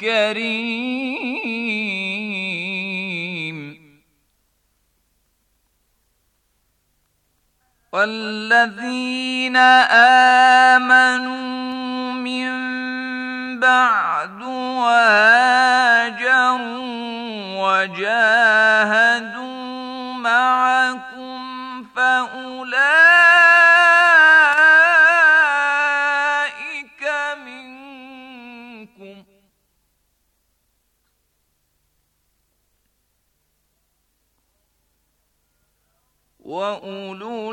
كريم والذين آمنوا من بعد وهاجروا وجاهدوا وأولو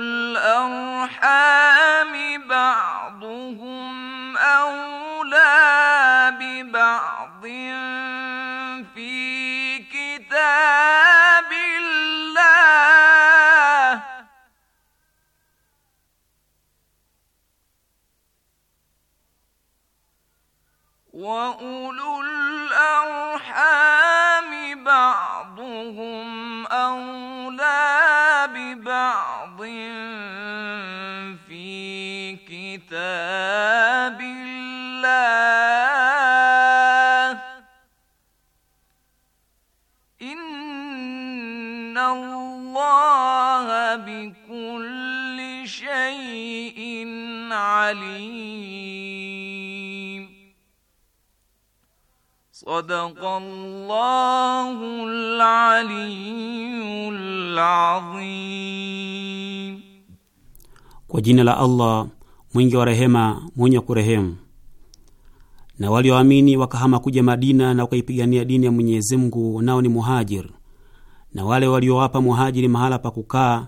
alim. Sadaqallahul aliyyul azim. Kwa jina la Allah mwingi wa rehema mwenye kurehemu. Na walioamini wa wakahama kuja Madina na wakaipigania dini ya Mwenyezi Mungu, nao ni muhajir, na wale waliowapa wa muhajiri mahala pa kukaa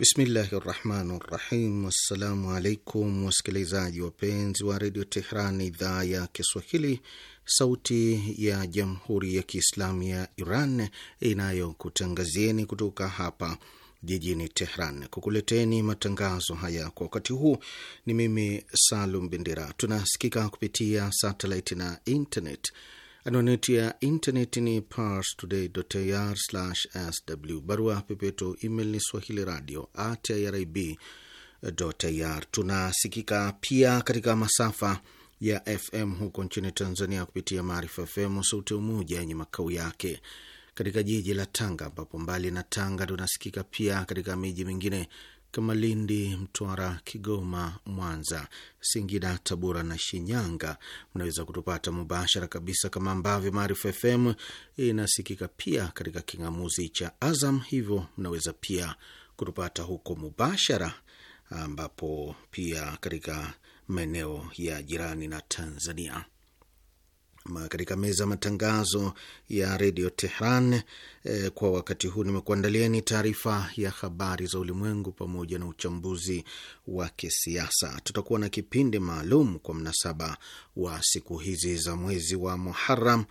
Bismillahi rahmani rahim. Wassalamu alaikum wasikilizaji wapenzi wa redio Tehran, idhaa ya Kiswahili, sauti ya jamhuri ya kiislamu ya Iran inayokutangazieni kutoka hapa jijini Tehran kukuleteni matangazo haya kwa wakati huu. Ni mimi Salum Bendera. Tunasikika kupitia satelit na internet. Anwani ya intaneti ni parstoday.ir/sw. Barua pepeto email ni swahili radio at irib.ir. Tunasikika pia katika masafa ya FM huko nchini Tanzania kupitia Maarifa FM Sauti ya Umoja yenye makao yake katika jiji la Tanga, ambapo mbali na Tanga tunasikika pia katika miji mingine kama Lindi, Mtwara, Kigoma, Mwanza, Singida, Tabora na Shinyanga. Mnaweza kutupata mubashara kabisa kama ambavyo Maarifa FM inasikika pia katika king'amuzi cha Azam, hivyo mnaweza pia kutupata huko mubashara, ambapo pia katika maeneo ya jirani na Tanzania katika meza ya matangazo ya redio Tehran. E, kwa wakati huu nimekuandalieni taarifa ya habari za ulimwengu pamoja na uchambuzi wa kisiasa. Tutakuwa na kipindi maalum kwa mnasaba wa siku hizi za mwezi wa Muharram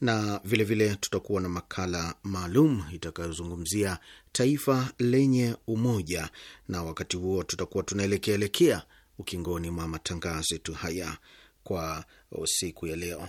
na vilevile vile tutakuwa na makala maalum itakayozungumzia taifa lenye umoja, na wakati huo tutakuwa tunaelekea elekea ukingoni mwa matangazo yetu haya kwa siku ya leo.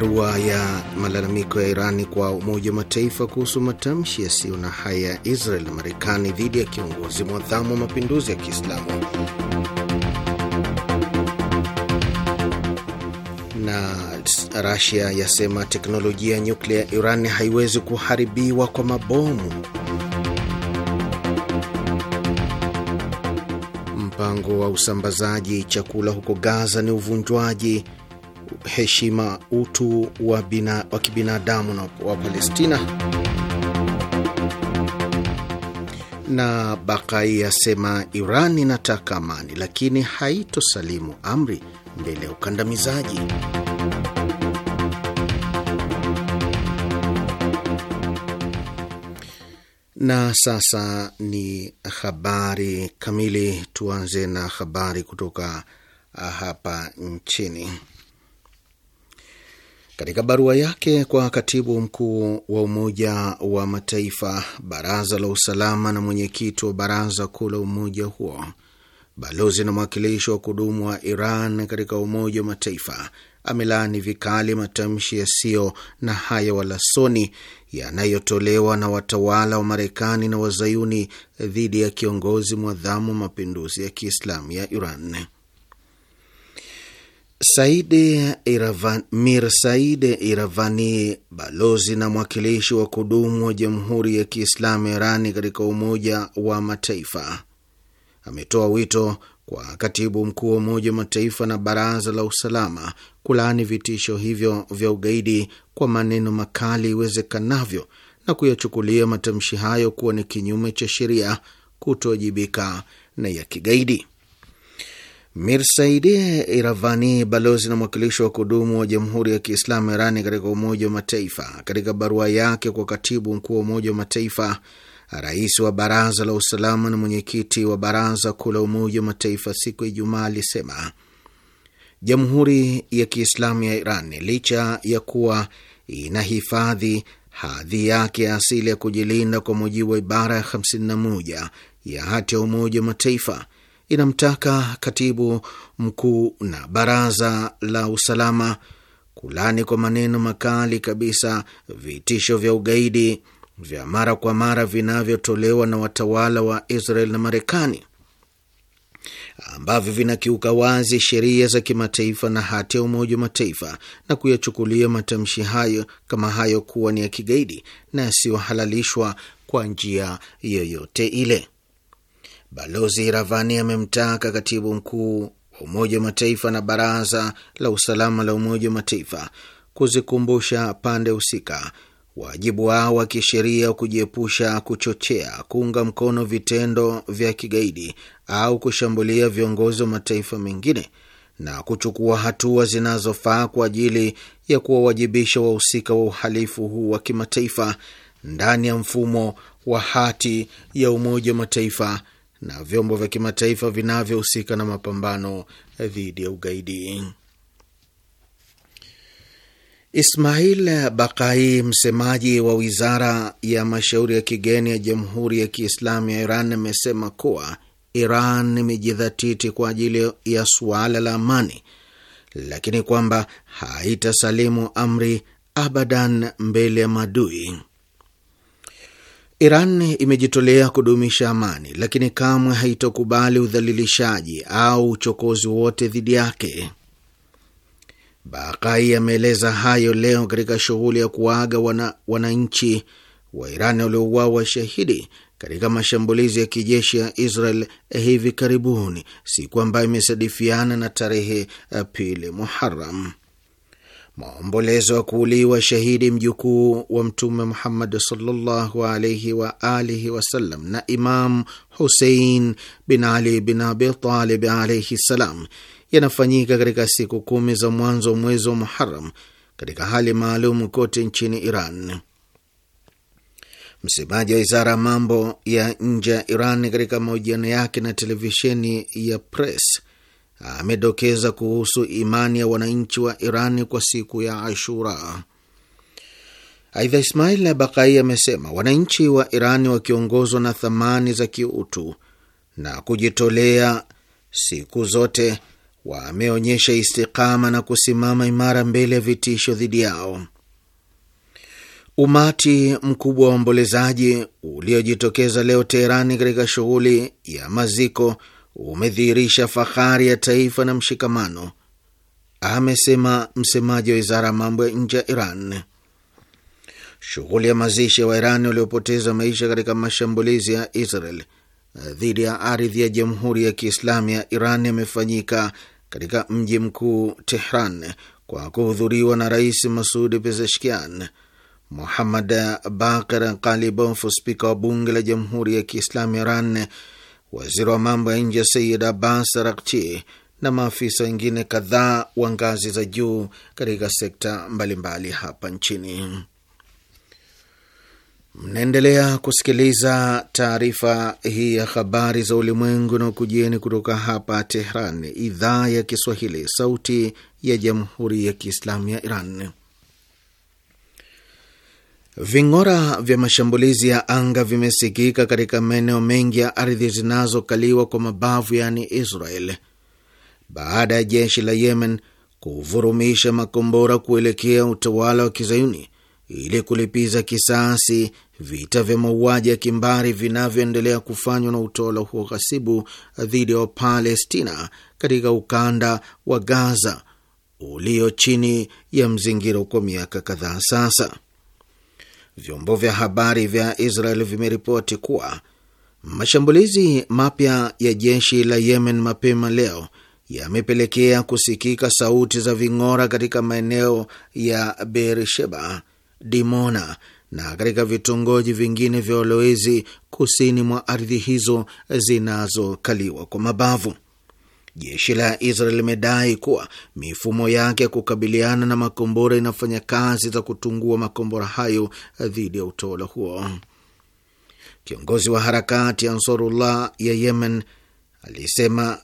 Barua ya malalamiko ya Irani kwa Umoja wa Mataifa kuhusu matamshi yasiyo na haya ya Israel na Marekani dhidi ya kiongozi mwadhamu wa mapinduzi ya Kiislamu. Na Rasia yasema teknolojia ya nyuklia ya Iran haiwezi kuharibiwa kwa mabomu. Mpango wa usambazaji chakula huko Gaza ni uvunjwaji heshima utu wa, bina, wa kibinadamu na wa Palestina. Na Bakai asema Iran inataka amani, lakini haitosalimu amri mbele ya ukandamizaji. Na sasa ni habari kamili. Tuanze na habari kutoka ah, hapa nchini. Katika barua yake kwa katibu mkuu wa Umoja wa Mataifa, Baraza la Usalama na mwenyekiti wa Baraza Kuu la umoja huo, balozi na mwakilishi wa kudumu wa Iran katika Umoja wa Mataifa amelaani vikali matamshi yasiyo na haya wala soni yanayotolewa na watawala wa Marekani na Wazayuni dhidi ya kiongozi mwadhamu wa mapinduzi ya Kiislamu ya Iran. Saidi Iravan, Mir Said Iravani, balozi na mwakilishi wa kudumu wa Jamhuri ya Kiislamu Irani katika Umoja wa Mataifa, ametoa wito kwa katibu mkuu wa Umoja wa Mataifa na Baraza la Usalama kulaani vitisho hivyo vya ugaidi kwa maneno makali iwezekanavyo na kuyachukulia matamshi hayo kuwa ni kinyume cha sheria, kutowajibika na ya kigaidi. Mirsaidi Iravani, balozi na mwakilishi wa kudumu wa Jamhuri ya Kiislamu Irani katika Umoja wa Mataifa, katika barua yake kwa katibu mkuu wa Umoja wa Mataifa, rais wa Baraza la Usalama na mwenyekiti wa Baraza Kuu la Umoja wa Mataifa siku ya Ijumaa alisema Jamhuri ya Kiislamu ya Iran licha ya kuwa inahifadhi hadhi yake ya asili ya kujilinda kwa mujibu wa ibara ya 51 ya hati ya Umoja wa Mataifa inamtaka katibu mkuu na baraza la usalama kulani kwa maneno makali kabisa vitisho vya ugaidi vya mara kwa mara vinavyotolewa na watawala wa Israel na Marekani ambavyo vinakiuka wazi sheria za kimataifa na hati ya Umoja wa Mataifa na kuyachukulia matamshi hayo kama hayo kuwa ni ya kigaidi na yasiyohalalishwa kwa njia yoyote ile. Balozi Ravani amemtaka katibu mkuu wa Umoja wa Mataifa na Baraza la Usalama la Umoja wa Mataifa kuzikumbusha pande husika wajibu wao wa kisheria kujiepusha kuchochea, kuunga mkono vitendo vya kigaidi au kushambulia viongozi wa mataifa mengine na kuchukua hatua zinazofaa kwa ajili ya kuwawajibisha wahusika wa uhalifu huu wa kimataifa ndani ya mfumo wa hati ya Umoja wa Mataifa na vyombo vya kimataifa vinavyohusika na mapambano dhidi ya ugaidi. Ismail Bakai, msemaji wa wizara ya mashauri ya kigeni ya Jamhuri ya Kiislamu ya Iran, amesema kuwa Iran imejidhatiti kwa ajili ya suala la amani, lakini kwamba haitasalimu amri abadan mbele ya madui. Iran imejitolea kudumisha amani, lakini kamwe haitokubali udhalilishaji au uchokozi wote dhidi yake. Bakai ameeleza hayo leo katika shughuli ya kuwaaga wananchi wana wa Iran waliouawa shahidi katika mashambulizi ya kijeshi ya Israel hivi karibuni, siku ambayo imesadifiana na tarehe pili Muharam maombolezo ya kuuliwa shahidi mjukuu wa Mtume Muhammad sallallahu alaihi wa alihi wasallam na Imam Husein bin Ali bin Abitalib alaihi ssalam yanafanyika katika siku kumi za mwanzo mwezi wa Muharam katika hali maalum kote nchini Iran. Msemaji wa wizara ya mambo ya nje ya Iran katika mahojiano yake na televisheni ya Press amedokeza kuhusu imani ya wananchi wa Iran kwa siku ya Ashura. Aidha, Ismail Nabakai amesema wananchi wa Iran wakiongozwa na thamani za kiutu na kujitolea siku zote wameonyesha istikama na kusimama imara mbele ya vitisho dhidi yao. Umati mkubwa wa waombolezaji uliojitokeza leo Teherani katika shughuli ya maziko umedhihirisha fahari ya taifa na mshikamano, amesema msemaji wa wizara ya mambo ya nje ya Iran. Shughuli ya mazishi ya Wairani waliopoteza maisha katika mashambulizi ya Israel dhidi ya ardhi ya Jamhuri ya Kiislamu ya Iran yamefanyika katika mji mkuu Tehran kwa kuhudhuriwa na Rais Masud Pezeshkian. Muhammad Bakar Kalibof, spika wa bunge la Jamhuri ya Kiislamu ya Iran waziri wa mambo ya nje ya Sayid Abbas Arakchi na maafisa wengine kadhaa wa ngazi za juu katika sekta mbalimbali mbali hapa nchini. Mnaendelea kusikiliza taarifa hii ya habari za ulimwengu na ukujieni kutoka hapa Tehran, idhaa ya Kiswahili, sauti ya jamhuri ya kiislamu ya Iran. Ving'ora vya mashambulizi ya anga vimesikika katika maeneo mengi ya ardhi zinazokaliwa kwa mabavu yaani Israel, baada ya jeshi la Yemen kuvurumisha makombora kuelekea utawala wa kizayuni ili kulipiza kisasi vita vya mauaji ya kimbari vinavyoendelea kufanywa na utawala huo ghasibu dhidi ya Wapalestina katika ukanda wa Gaza ulio chini ya mzingiro kwa miaka kadhaa sasa vyombo vya habari vya Israel vimeripoti kuwa mashambulizi mapya ya jeshi la Yemen mapema leo yamepelekea kusikika sauti za ving'ora katika maeneo ya Beersheba, Dimona na katika vitongoji vingine vya walowezi kusini mwa ardhi hizo zinazokaliwa kwa mabavu. Jeshi la Israel limedai kuwa mifumo yake ya kukabiliana na makombora inafanya kazi za kutungua makombora hayo dhidi ya utawala huo. Kiongozi wa harakati Ansarullah ya Yemen alisema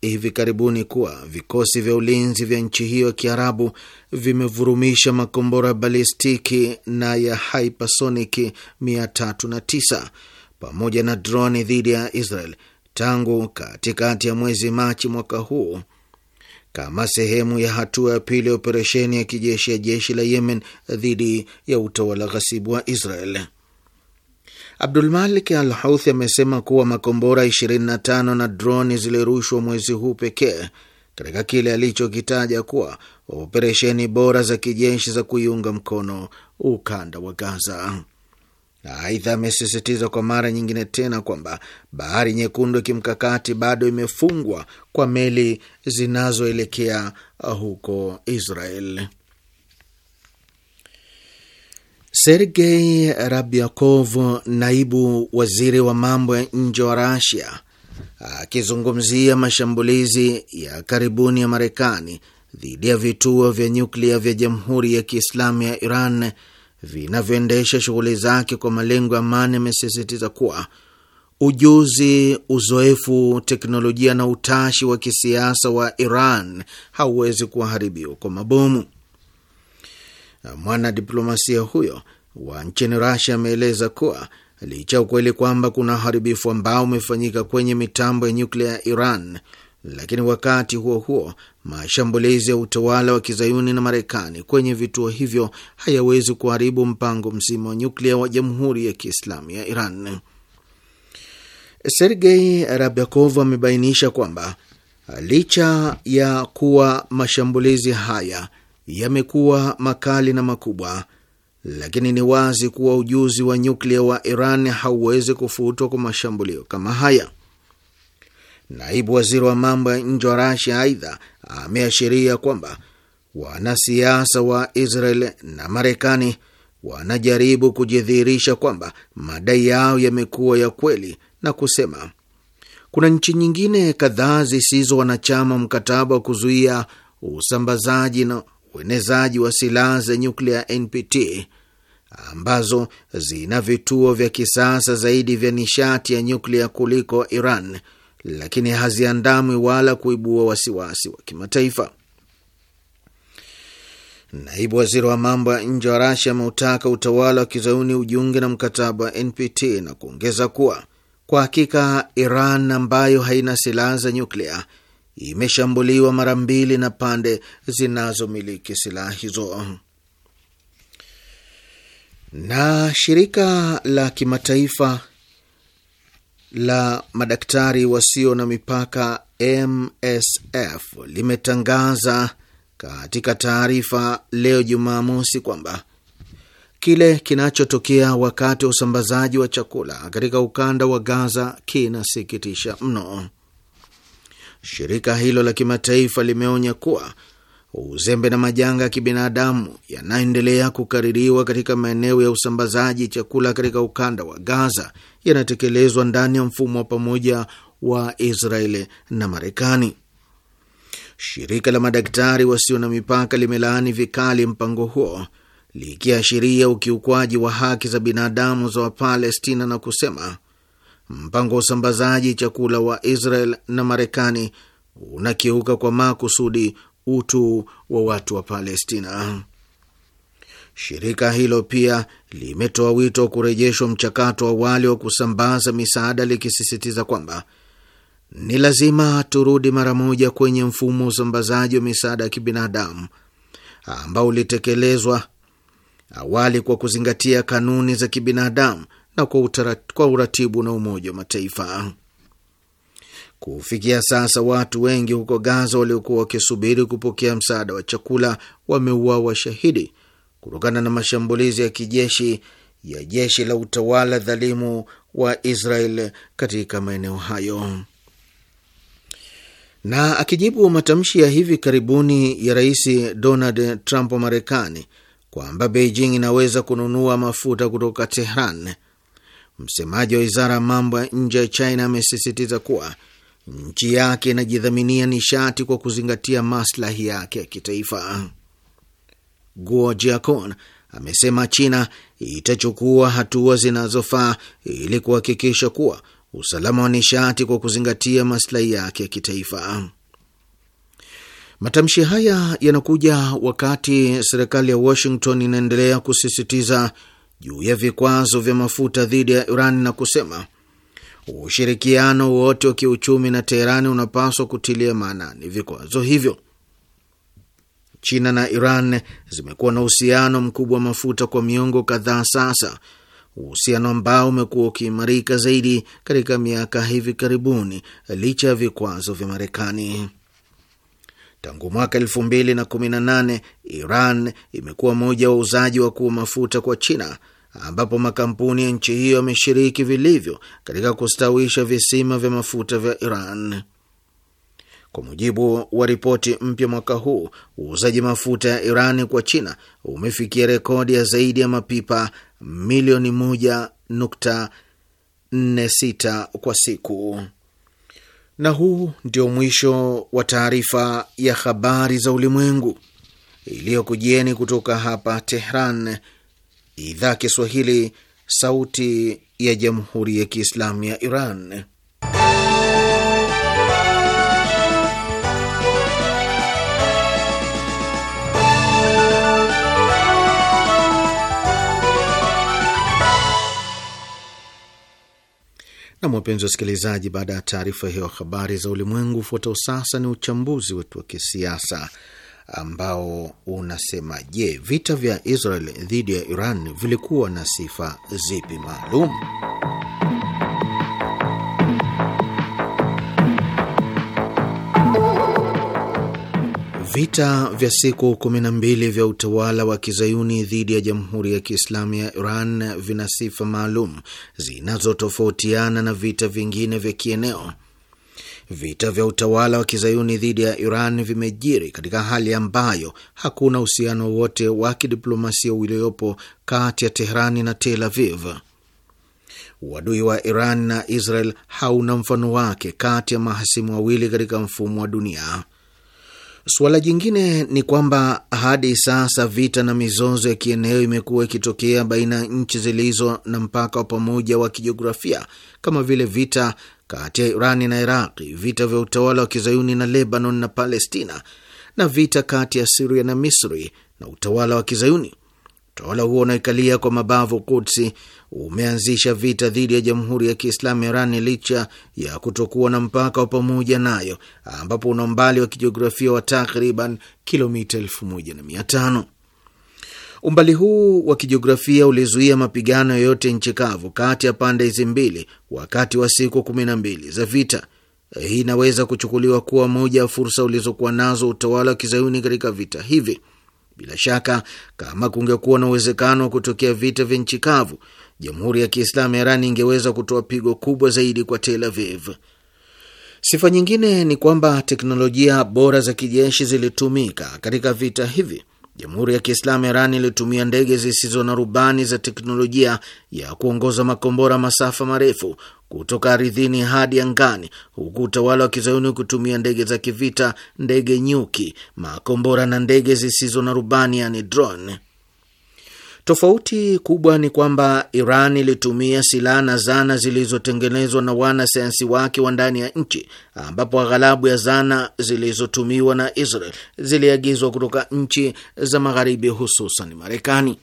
hivi karibuni kuwa vikosi vya ulinzi vya nchi hiyo ya Kiarabu vimevurumisha makombora ya balistiki na ya hypersonic 309 pamoja na droni dhidi ya Israel tangu katikati ya mwezi Machi mwaka huu kama sehemu ya hatua ya pili ya operesheni ya kijeshi ya jeshi la Yemen dhidi ya utawala ghasibu wa Israel. Abdulmalik Al Houthi amesema kuwa makombora 25 na droni zilirushwa mwezi huu pekee katika kile alichokitaja kuwa operesheni bora za kijeshi za kuiunga mkono ukanda wa Gaza na aidha amesisitiza kwa mara nyingine tena kwamba Bahari Nyekundu kimkakati bado imefungwa kwa meli zinazoelekea uh, huko Israel. Sergei Rabyakov, naibu waziri wa mambo ya nje wa Rasia, akizungumzia mashambulizi ya karibuni ya Marekani dhidi ya vituo vya nyuklia vya Jamhuri ya Kiislamu ya Iran vinavyoendesha shughuli zake kwa malengo ya amani, amesisitiza kuwa ujuzi, uzoefu, teknolojia na utashi wa kisiasa wa Iran hauwezi kuharibiwa kwa mabomu. Mwanadiplomasia huyo wa nchini Rasia ameeleza kuwa licha ukweli kwamba kuna uharibifu ambao umefanyika kwenye mitambo ya nyuklia ya Iran, lakini wakati huo huo, mashambulizi ya utawala wa kizayuni na Marekani kwenye vituo hivyo hayawezi kuharibu mpango mzima wa nyuklia wa Jamhuri ya Kiislamu ya Iran. Sergei Rabyakov amebainisha kwamba licha ya kuwa mashambulizi haya yamekuwa makali na makubwa, lakini ni wazi kuwa ujuzi wa nyuklia wa Iran hauwezi kufutwa kwa mashambulio kama haya. Naibu waziri wa mambo ya nje wa Rasia aidha ameashiria kwamba wanasiasa wa Israel na Marekani wanajaribu kujidhihirisha kwamba madai yao yamekuwa ya kweli na kusema kuna nchi nyingine kadhaa zisizo wanachama mkataba wa kuzuia usambazaji na uenezaji wa silaha za nyuklia NPT ambazo zina vituo vya kisasa zaidi vya nishati ya nyuklia kuliko Iran lakini haziandamwi wala kuibua wasiwasi wa kimataifa. Naibu waziri wa mambo ya nje wa Rasia ameutaka utawala wa kizayuni ujiunge na mkataba wa NPT na kuongeza kuwa kwa hakika Iran ambayo haina silaha za nyuklia imeshambuliwa mara mbili na pande zinazomiliki silaha hizo. Na shirika la kimataifa la madaktari wasio na mipaka MSF limetangaza katika taarifa leo Jumamosi kwamba kile kinachotokea wakati wa usambazaji wa chakula katika ukanda wa Gaza kinasikitisha mno. Shirika hilo la kimataifa limeonya kuwa uzembe na majanga ya kibinadamu yanayoendelea kukaririwa katika maeneo ya usambazaji chakula katika ukanda wa Gaza yanatekelezwa ndani ya mfumo wa pamoja wa Israeli na Marekani. Shirika la madaktari wasio na mipaka limelaani vikali mpango huo likiashiria ukiukwaji wa haki za binadamu za Wapalestina na kusema mpango wa usambazaji chakula wa Israel na Marekani unakiuka kwa makusudi utu wa watu wa Palestina. Shirika hilo pia limetoa wito wa kurejeshwa mchakato awali wa kusambaza misaada, likisisitiza kwamba ni lazima turudi mara moja kwenye mfumo wa usambazaji wa misaada ya kibinadamu ambao ulitekelezwa awali kwa kuzingatia kanuni za kibinadamu na kwa, utarat, kwa uratibu na Umoja wa Mataifa. Kufikia sasa watu wengi huko Gaza waliokuwa wakisubiri kupokea msaada wa chakula wameuawa shahidi kutokana na mashambulizi ya kijeshi ya jeshi la utawala dhalimu wa Israel katika maeneo hayo. Na akijibu matamshi ya hivi karibuni ya Rais Donald Trump wa Marekani kwamba Beijing inaweza kununua mafuta kutoka Tehran, msemaji wa wizara ya mambo ya nje ya China amesisitiza kuwa nchi yake inajidhaminia nishati kwa kuzingatia maslahi yake ya kitaifa. Guo Jiakon amesema China itachukua hatua zinazofaa ili kuhakikisha kuwa usalama wa nishati kwa kuzingatia maslahi yake ya kitaifa. Matamshi haya yanakuja wakati serikali ya Washington inaendelea kusisitiza juu ya vikwazo vya mafuta dhidi ya Iran na kusema Ushirikiano wote wa kiuchumi na Teherani unapaswa kutilia maanani vikwazo hivyo. China na Iran zimekuwa na uhusiano mkubwa wa mafuta kwa miongo kadhaa sasa, uhusiano ambao umekuwa ukiimarika zaidi katika miaka hivi karibuni licha ya vikwazo vya Marekani. Tangu mwaka elfu mbili na kumi na nane Iran imekuwa moja wa uzaji wakuu wa mafuta kwa China ambapo makampuni ya nchi hiyo yameshiriki vilivyo katika kustawisha visima vya mafuta vya Iran. Kwa mujibu wa ripoti mpya mwaka huu, uuzaji mafuta ya Iran kwa China umefikia rekodi ya zaidi ya mapipa milioni 1.46 kwa siku. Na huu ndio mwisho wa taarifa ya habari za ulimwengu iliyokujieni kutoka hapa Tehran, idhaa Kiswahili, sauti ya jamhuri ya kiislamu ya Iran. Nam, wapenzi wasikilizaji, baada ya taarifa hiyo habari za ulimwengu, ufuatao sasa ni uchambuzi wetu wa kisiasa ambao unasema je, vita vya Israel dhidi ya Iran vilikuwa na sifa zipi maalum? Vita vya siku 12 vya utawala wa kizayuni dhidi ya Jamhuri ya Kiislamu ya Iran vina sifa maalum zinazotofautiana na vita vingine vya kieneo. Vita vya utawala wa kizayuni dhidi ya Iran vimejiri katika hali ambayo hakuna uhusiano wowote wa kidiplomasia uliopo kati ya Teherani na Tel Aviv. Uadui wa Iran na Israel hauna mfano wake kati ya mahasimu wawili katika mfumo wa dunia. Suala jingine ni kwamba hadi sasa vita na mizozo ya kieneo imekuwa ikitokea baina ya nchi zilizo na mpaka wa pamoja wa kijiografia kama vile vita kati ya Irani na Iraqi, vita vya utawala wa kizayuni na Lebanon na Palestina, na vita kati ya Siria na Misri na utawala wa kizayuni. Utawala huo unaikalia kwa mabavu Kudsi umeanzisha vita dhidi ya Jamhuri ya Kiislamu Irani licha ya kutokuwa na mpaka wa pamoja nayo, ambapo una umbali wa kijiografia wa takriban kilomita elfu moja na mia tano. Umbali huu wa kijiografia ulizuia mapigano yoyote nchi kavu kati ya pande hizi mbili wakati wa siku kumi na mbili za vita. Hii inaweza kuchukuliwa kuwa moja ya fursa ulizokuwa nazo utawala wa kizayuni katika vita hivi. Bila shaka, kama kungekuwa na uwezekano wa kutokea vita vya nchi kavu, Jamhuri ya Kiislamu ya Iran ingeweza kutoa pigo kubwa zaidi kwa Tel Aviv. Sifa nyingine ni kwamba teknolojia bora za kijeshi zilitumika katika vita hivi. Jamhuri ya Kiislamu ya Iran ilitumia ndege zisizo na rubani za teknolojia ya kuongoza makombora masafa marefu kutoka aridhini hadi angani, huku utawala wa kizayuni kutumia ndege za kivita, ndege nyuki, makombora na ndege zisizo na rubani, yani drone. Tofauti kubwa ni kwamba Iran ilitumia silaha na zana zilizotengenezwa na wanasayansi wake wa ndani ya nchi, ambapo aghalabu ya zana zilizotumiwa na Israel ziliagizwa kutoka nchi za Magharibi, hususan Marekani.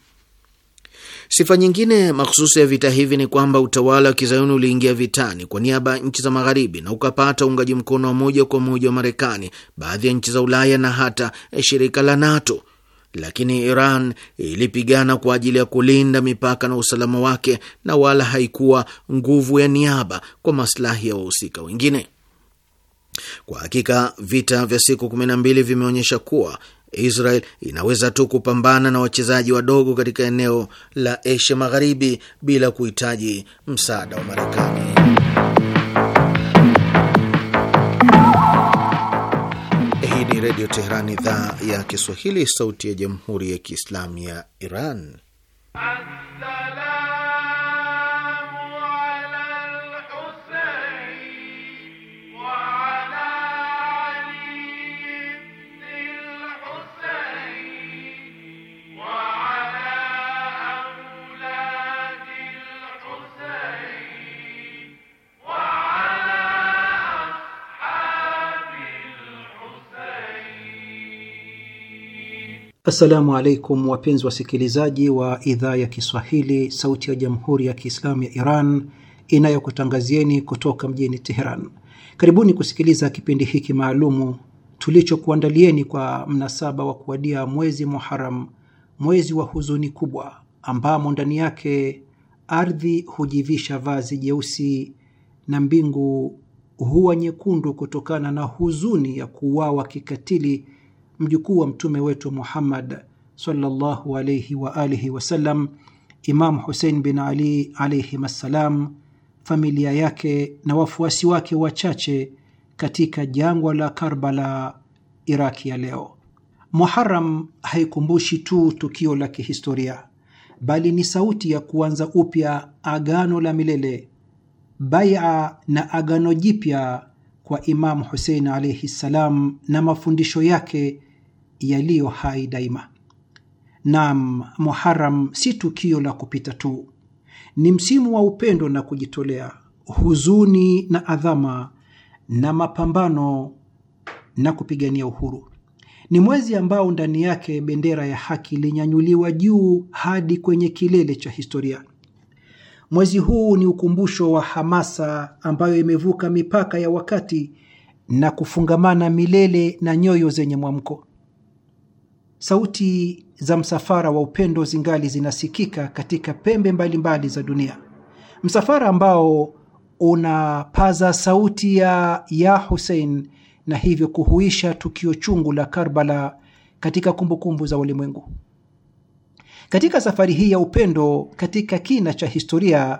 Sifa nyingine makhususi ya vita hivi ni kwamba utawala wa kizayuni uliingia vitani kwa niaba ya nchi za Magharibi na ukapata uungaji mkono wa moja kwa moja wa Marekani, baadhi ya nchi za Ulaya na hata shirika la NATO lakini Iran ilipigana kwa ajili ya kulinda mipaka na usalama wake na wala haikuwa nguvu ya niaba kwa maslahi ya wahusika wengine. Kwa hakika vita vya siku kumi na mbili vimeonyesha kuwa Israel inaweza tu kupambana na wachezaji wadogo katika eneo la Asia Magharibi bila kuhitaji msaada wa Marekani. Redio Teheran, idhaa ya Kiswahili, sauti ya jamhuri ya kiislamu ya Iran. Assalam. Assalamu alaikum wapenzi wasikilizaji wa idhaa ya Kiswahili sauti ya jamhuri ya Kiislamu ya Iran inayokutangazieni kutoka mjini Teheran. Karibuni kusikiliza kipindi hiki maalumu tulichokuandalieni kwa mnasaba wa kuwadia mwezi Muharam, mwezi wa huzuni kubwa, ambamo ndani yake ardhi hujivisha vazi jeusi na mbingu huwa nyekundu kutokana na huzuni ya kuuawa kikatili mjukuu wa mtume wetu Muhammad sallallahu alayhi wa alihi wasallam, Imamu Husein bin Ali alayhim assalam, familia yake na wafuasi wake wachache katika jangwa la Karbala, Iraki ya leo. Muharam haikumbushi tu tukio la kihistoria, bali ni sauti ya kuanza upya agano la milele, baia na agano jipya kwa Imamu Husein alayhi ssalam na mafundisho yake yaliyo hai daima. Naam, Muharam si tukio la kupita tu, ni msimu wa upendo na kujitolea, huzuni na adhama, na mapambano na kupigania uhuru. Ni mwezi ambao ndani yake bendera ya haki ilinyanyuliwa juu hadi kwenye kilele cha historia. Mwezi huu ni ukumbusho wa hamasa ambayo imevuka mipaka ya wakati na kufungamana milele na nyoyo zenye mwamko sauti za msafara wa upendo zingali zinasikika katika pembe mbalimbali mbali za dunia, msafara ambao unapaza sauti ya ya Hussein na hivyo kuhuisha tukio chungu la Karbala katika kumbukumbu za ulimwengu. Katika safari hii ya upendo katika kina cha historia,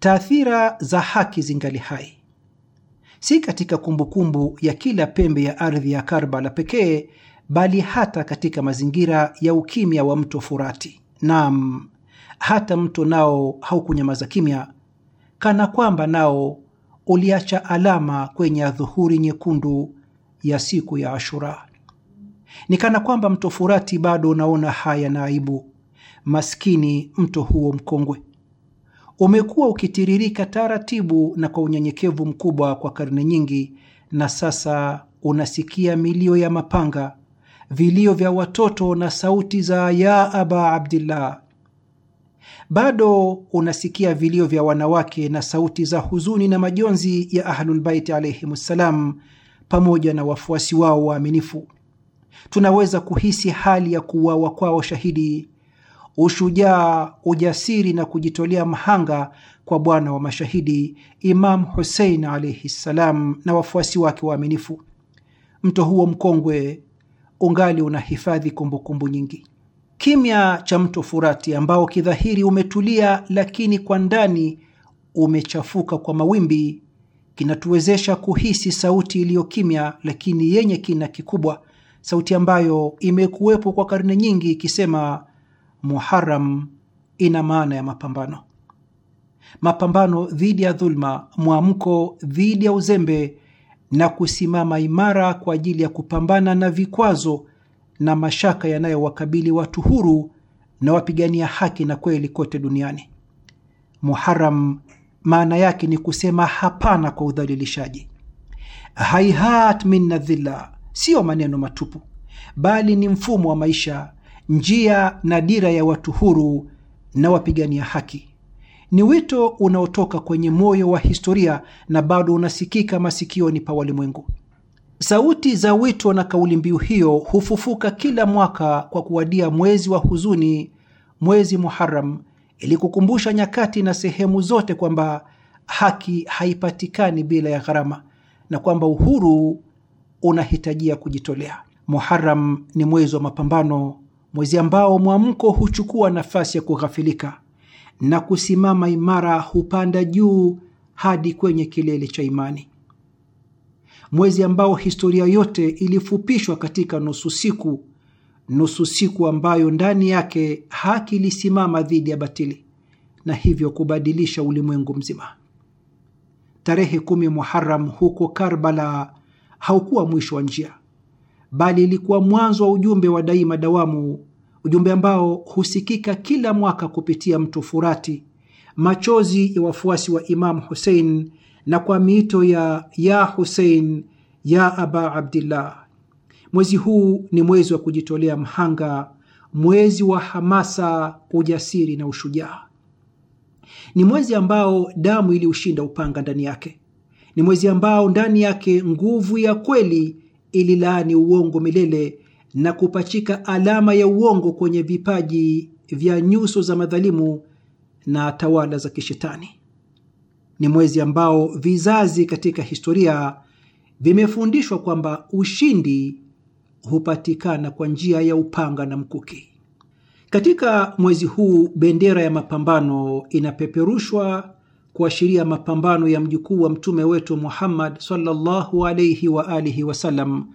taathira za haki zingali hai, si katika kumbukumbu ya kila pembe ya ardhi ya Karbala pekee bali hata katika mazingira ya ukimya wa mto Furati. Naam, hata mto nao haukunyamaza kimya, kana kwamba nao uliacha alama kwenye adhuhuri nyekundu ya siku ya Ashura. Ni kana kwamba mto Furati bado unaona haya na aibu. Maskini mto huo mkongwe umekuwa ukitiririka taratibu na kwa unyenyekevu mkubwa kwa karne nyingi, na sasa unasikia milio ya mapanga, vilio vya watoto na sauti za ya aba Abdillah. Bado unasikia vilio vya wanawake na sauti za huzuni na majonzi ya Ahlulbaiti alaihim ssalam, pamoja na wafuasi wao waaminifu. Tunaweza kuhisi hali ya kuuawa kwao shahidi, ushujaa, ujasiri na kujitolea mhanga kwa bwana wa mashahidi Imam Husein alaihi ssalam na wafuasi wake waaminifu. Mto huo mkongwe ungali unahifadhi kumbukumbu nyingi. Kimya cha mto Furati ambao kidhahiri umetulia, lakini kwa ndani umechafuka kwa mawimbi, kinatuwezesha kuhisi sauti iliyo kimya lakini yenye kina kikubwa, sauti ambayo imekuwepo kwa karne nyingi ikisema muharam ina maana ya mapambano, mapambano dhidi ya dhulma, mwamko dhidi ya uzembe na kusimama imara kwa ajili ya kupambana na vikwazo na mashaka yanayowakabili watu huru na wapigania haki na kweli kote duniani. Muharam maana yake ni kusema hapana kwa udhalilishaji. Haihat minna dhilla siyo maneno matupu, bali ni mfumo wa maisha, njia na dira ya watu huru na wapigania haki. Ni wito unaotoka kwenye moyo wa historia na bado unasikika masikioni pa walimwengu. Sauti za wito na kauli mbiu hiyo hufufuka kila mwaka kwa kuwadia mwezi wa huzuni, mwezi muharam ili kukumbusha nyakati na sehemu zote kwamba haki haipatikani bila ya gharama na kwamba uhuru unahitajia kujitolea. muharam ni mwezi wa mapambano, mwezi ambao mwamko huchukua nafasi ya kughafilika na kusimama imara hupanda juu hadi kwenye kilele cha imani. Mwezi ambao historia yote ilifupishwa katika nusu siku, nusu siku ambayo ndani yake haki ilisimama dhidi ya batili na hivyo kubadilisha ulimwengu mzima. Tarehe kumi Muharam huko Karbala haukuwa mwisho wa njia, bali ilikuwa mwanzo wa ujumbe wa daima dawamu ujumbe ambao husikika kila mwaka kupitia mto Furati, machozi ya wafuasi wa Imamu Husein na kwa miito ya ya Husein, ya aba Abdillah. Mwezi huu ni mwezi wa kujitolea mhanga, mwezi wa hamasa, ujasiri na ushujaa. Ni mwezi ambao damu iliushinda upanga ndani yake. Ni mwezi ambao ndani yake nguvu ya kweli ililaani uongo milele na kupachika alama ya uongo kwenye vipaji vya nyuso za madhalimu na tawala za kishetani. Ni mwezi ambao vizazi katika historia vimefundishwa kwamba ushindi hupatikana kwa njia ya upanga na mkuki. Katika mwezi huu bendera ya mapambano inapeperushwa kuashiria mapambano ya mjukuu wa mtume wetu Muhammad sallallahu alayhi wa alihi wasallam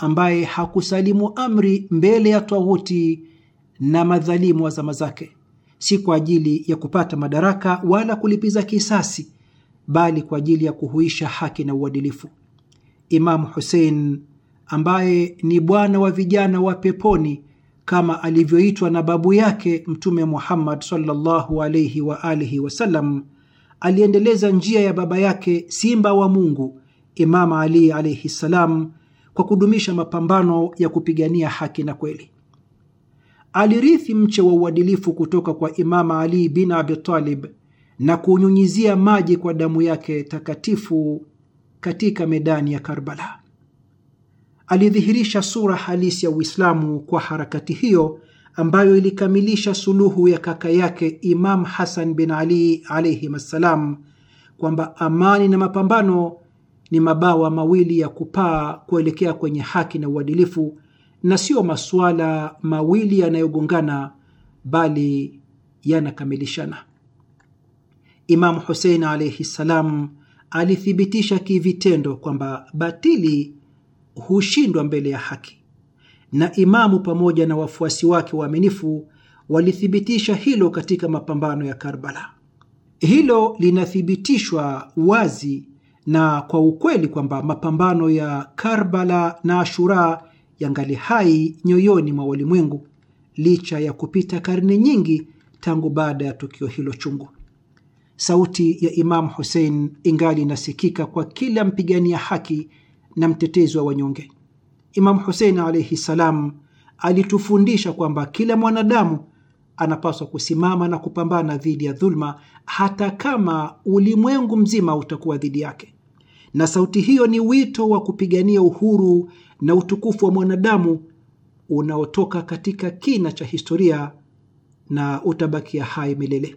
ambaye hakusalimu amri mbele ya tawuti na madhalimu wa zama zake, si kwa ajili ya kupata madaraka wala kulipiza kisasi, bali kwa ajili ya kuhuisha haki na uadilifu. Imamu Hussein ambaye ni bwana wa vijana wa peponi kama alivyoitwa na babu yake Mtume Muhammad sallallahu alayhi wa alihi wasallam, aliendeleza njia ya baba yake simba wa Mungu Imam Ali alayhi salam kwa kudumisha mapambano ya kupigania haki na kweli. Alirithi mche wa uadilifu kutoka kwa Imama Ali bin Abi Talib na kunyunyizia maji kwa damu yake takatifu katika medani ya Karbala. Alidhihirisha sura halisi ya Uislamu kwa harakati hiyo ambayo ilikamilisha suluhu ya kaka yake Imam Hasan bin Ali alayhim assalam, kwamba amani na mapambano ni mabawa mawili ya kupaa kuelekea kwenye haki na uadilifu, na siyo masuala mawili yanayogongana, bali yanakamilishana. Imamu Husein alaihi ssalam alithibitisha kivitendo kwamba batili hushindwa mbele ya haki, na Imamu pamoja na wafuasi wake waaminifu walithibitisha hilo katika mapambano ya Karbala. Hilo linathibitishwa wazi na kwa ukweli kwamba mapambano ya Karbala na Ashura yangali hai nyoyoni mwa walimwengu licha ya kupita karne nyingi tangu baada ya tukio hilo chungu. Sauti ya Imamu Hussein ingali inasikika kwa kila mpigania haki na mtetezi wa wanyonge. Imamu Hussein alaihi salam alitufundisha kwamba kila mwanadamu anapaswa kusimama na kupambana dhidi ya dhuluma, hata kama ulimwengu mzima utakuwa dhidi yake. Na sauti hiyo ni wito wa kupigania uhuru na utukufu wa mwanadamu unaotoka katika kina cha historia na utabakia hai milele.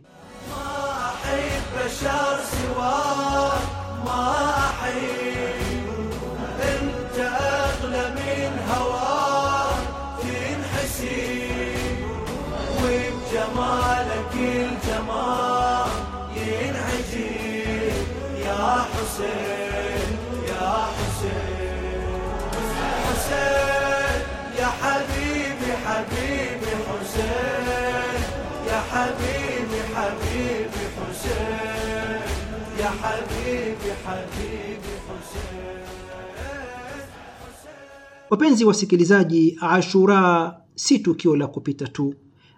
Wapenzi wasikilizaji, Ashura si tukio la kupita tu,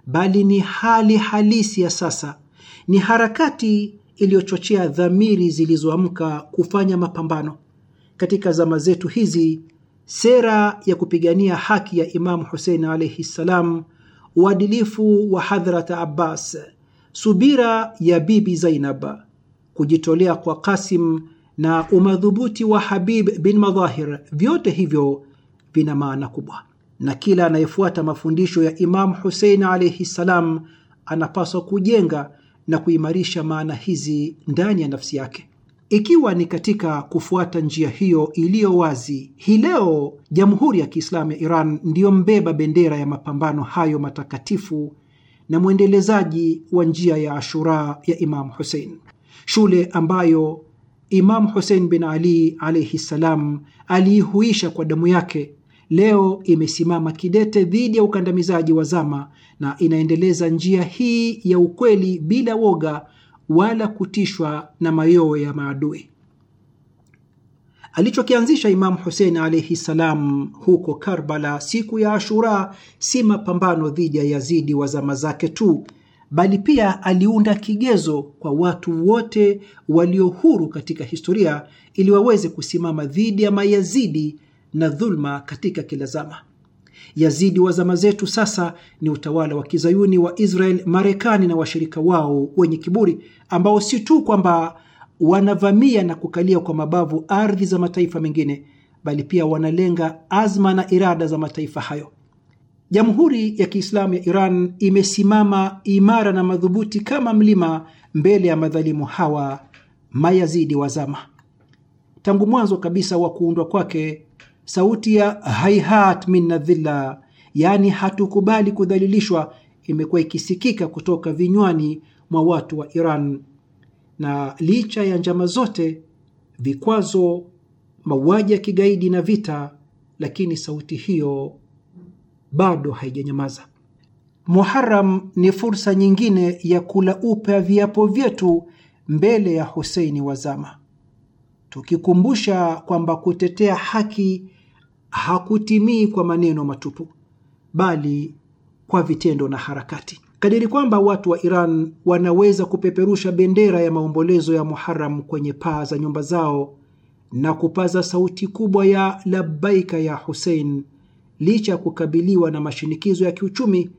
bali ni hali halisi ya sasa, ni harakati iliyochochea dhamiri zilizoamka kufanya mapambano. Katika zama zetu hizi, sera ya kupigania haki ya Imamu Husein alaihi ssalam, uadilifu wa Hadhrata Abbas, subira ya Bibi Zainab kujitolea kwa Kasim na umadhubuti wa Habib bin Madhahir, vyote hivyo vina maana kubwa, na kila anayefuata mafundisho ya Imamu Husein alaihi ssalam anapaswa kujenga na kuimarisha maana hizi ndani ya nafsi yake. Ikiwa ni katika kufuata njia hiyo iliyo wazi, hii leo Jamhuri ya Kiislamu ya Iran ndiyo mbeba bendera ya mapambano hayo matakatifu na mwendelezaji wa njia ya Ashura ya Imamu Husein shule ambayo Imamu Husein bin Ali alaihi ssalam aliihuisha kwa damu yake, leo imesimama kidete dhidi ya ukandamizaji wa zama na inaendeleza njia hii ya ukweli bila woga wala kutishwa na mayoo ya maadui. Alichokianzisha Imamu Husein alaihi ssalam huko Karbala siku ya Ashura si mapambano dhidi ya Yazidi wa zama zake tu, bali pia aliunda kigezo kwa watu wote walio huru katika historia ili waweze kusimama dhidi ya Mayazidi na dhulma katika kila zama. Yazidi wa zama zetu sasa ni utawala wa kizayuni wa Israel, Marekani na washirika wao wenye kiburi ambao si tu kwamba wanavamia na kukalia kwa mabavu ardhi za mataifa mengine, bali pia wanalenga azma na irada za mataifa hayo. Jamhuri ya Kiislamu ya Iran imesimama imara na madhubuti kama mlima mbele ya madhalimu hawa mayazidi wa zama. Tangu mwanzo kabisa wa kuundwa kwake, sauti ya haihat minna dhilla, yaani hatukubali kudhalilishwa, imekuwa ikisikika kutoka vinywani mwa watu wa Iran, na licha ya njama zote, vikwazo, mauaji ya kigaidi na vita, lakini sauti hiyo bado haijanyamaza. Muharam ni fursa nyingine ya kula upya viapo vyetu mbele ya Huseini wa zama, tukikumbusha kwamba kutetea haki hakutimii kwa maneno matupu, bali kwa vitendo na harakati. Kadiri kwamba watu wa Iran wanaweza kupeperusha bendera ya maombolezo ya Muharam kwenye paa za nyumba zao na kupaza sauti kubwa ya labaika ya Husein licha ya kukabiliwa na mashinikizo ya kiuchumi,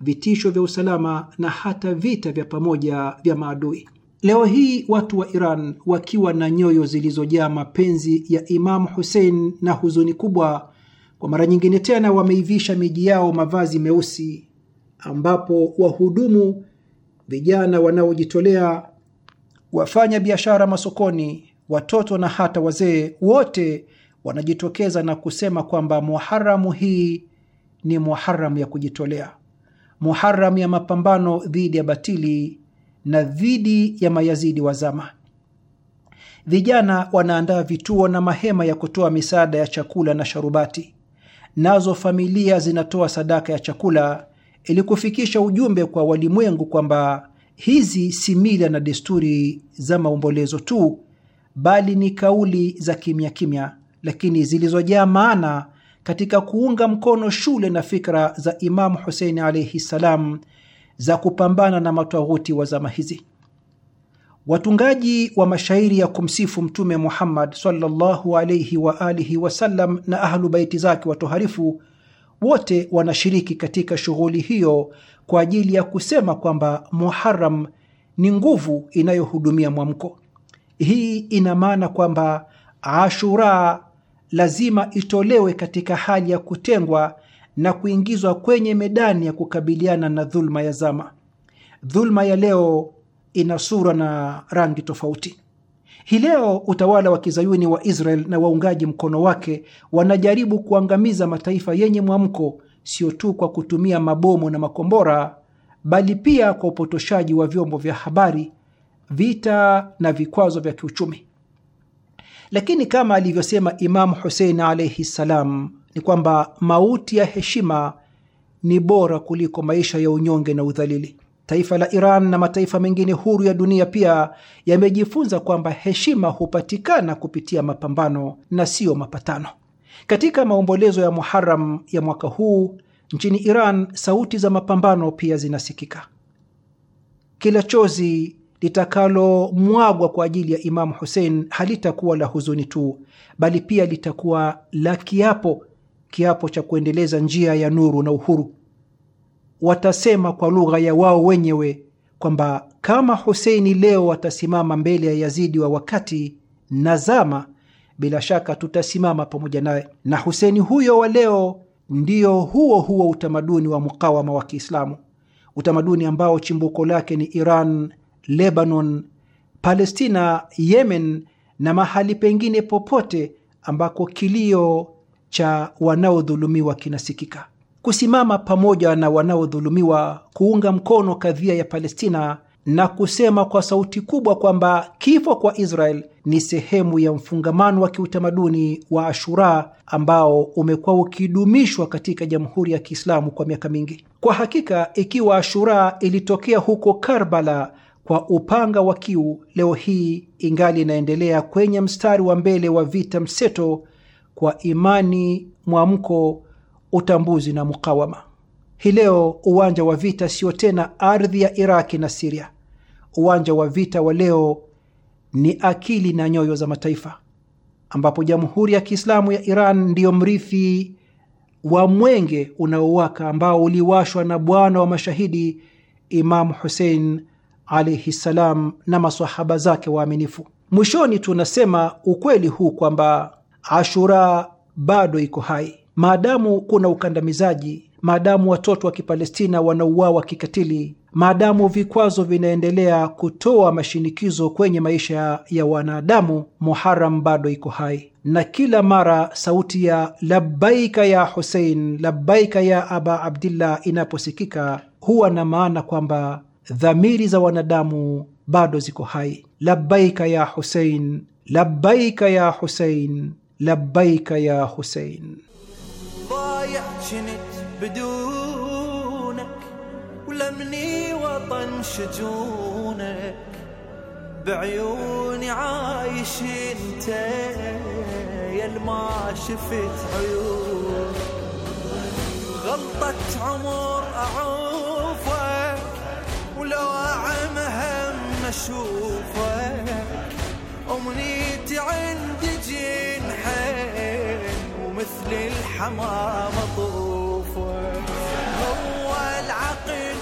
vitisho vya usalama na hata vita vya pamoja vya maadui. Leo hii watu wa Iran wakiwa na nyoyo zilizojaa mapenzi ya Imamu Hussein na huzuni kubwa, kwa mara nyingine tena wameivisha miji yao mavazi meusi, ambapo wahudumu vijana wanaojitolea, wafanya biashara masokoni, watoto na hata wazee wote wanajitokeza na kusema kwamba Muharamu hii ni Muharamu ya kujitolea, Muharamu ya mapambano dhidi ya batili na dhidi ya mayazidi wa zama. Vijana wanaandaa vituo na mahema ya kutoa misaada ya chakula na sharubati, nazo familia zinatoa sadaka ya chakula ili kufikisha ujumbe kwa walimwengu kwamba hizi si mila na desturi za maombolezo tu, bali ni kauli za kimya kimya lakini zilizojaa maana katika kuunga mkono shule na fikra za Imamu Husein alaihi ssalam za kupambana na matawuti wa zama hizi. Watungaji wa mashairi ya kumsifu Mtume Muhammad sallallahu alaihi wa alihi wasallam na Ahlu Baiti zake watoharifu wote wanashiriki katika shughuli hiyo kwa ajili ya kusema kwamba Muharam ni nguvu inayohudumia mwamko. Hii ina maana kwamba Ashura lazima itolewe katika hali ya kutengwa na kuingizwa kwenye medani ya kukabiliana na dhulma ya zama. Dhulma ya leo ina sura na rangi tofauti. Hii leo utawala wa kizayuni wa Israel na waungaji mkono wake wanajaribu kuangamiza mataifa yenye mwamko, sio tu kwa kutumia mabomu na makombora, bali pia kwa upotoshaji wa vyombo vya habari, vita na vikwazo vya kiuchumi. Lakini kama alivyosema Imamu Husein alaihi ssalam, ni kwamba mauti ya heshima ni bora kuliko maisha ya unyonge na udhalili. Taifa la Iran na mataifa mengine huru ya dunia pia yamejifunza kwamba heshima hupatikana kupitia mapambano na siyo mapatano. Katika maombolezo ya Muharam ya mwaka huu nchini Iran, sauti za mapambano pia zinasikika. Kila chozi litakalomwagwa kwa ajili ya Imamu Husein halitakuwa la huzuni tu, bali pia litakuwa la kiapo, kiapo cha kuendeleza njia ya nuru na uhuru. Watasema kwa lugha ya wao wenyewe kwamba kama Huseini leo watasimama mbele ya Yazidi wa wakati na zama, bila shaka tutasimama pamoja naye, na Huseini huyo wa leo ndio huo huo utamaduni wa mukawama wa Kiislamu, utamaduni ambao chimbuko lake ni Iran Lebanon, Palestina, Yemen na mahali pengine popote ambako kilio cha wanaodhulumiwa kinasikika. Kusimama pamoja na wanaodhulumiwa, kuunga mkono kadhia ya Palestina na kusema kwa sauti kubwa kwamba kifo kwa Israel ni sehemu ya mfungamano wa kiutamaduni wa Ashura ambao umekuwa ukidumishwa katika Jamhuri ya Kiislamu kwa miaka mingi. Kwa hakika, ikiwa Ashura ilitokea huko Karbala kwa upanga wa kiu leo hii ingali inaendelea kwenye mstari wa mbele wa vita mseto kwa imani, mwamko, utambuzi na mukawama. Hii leo uwanja wa vita sio tena ardhi ya Iraki na Siria. Uwanja wa vita wa leo ni akili na nyoyo za mataifa, ambapo Jamhuri ya Kiislamu ya Iran ndiyo mrithi wa mwenge unaowaka ambao uliwashwa na bwana wa mashahidi Imamu husein alaihi ssalam na masahaba zake waaminifu. Mwishoni tunasema ukweli huu kwamba Ashura bado iko hai maadamu kuna ukandamizaji, maadamu watoto wa Kipalestina wanauawa kikatili, maadamu vikwazo vinaendelea kutoa mashinikizo kwenye maisha ya wanadamu, Muharam bado iko hai, na kila mara sauti ya labbaika ya Husein, labbaika ya aba Abdillah inaposikika huwa na maana kwamba dhamiri za wanadamu bado ziko hai. Labbaika ya Husein, labbaika ya Husein, labbaika ya Husein. بعيوني عايش انت يا ما شفت عيونك غلطة عمر أعود ولو أعمهم أشوفك أمنيتي عندي جنحين ومثل الحمام طوفك هو العقل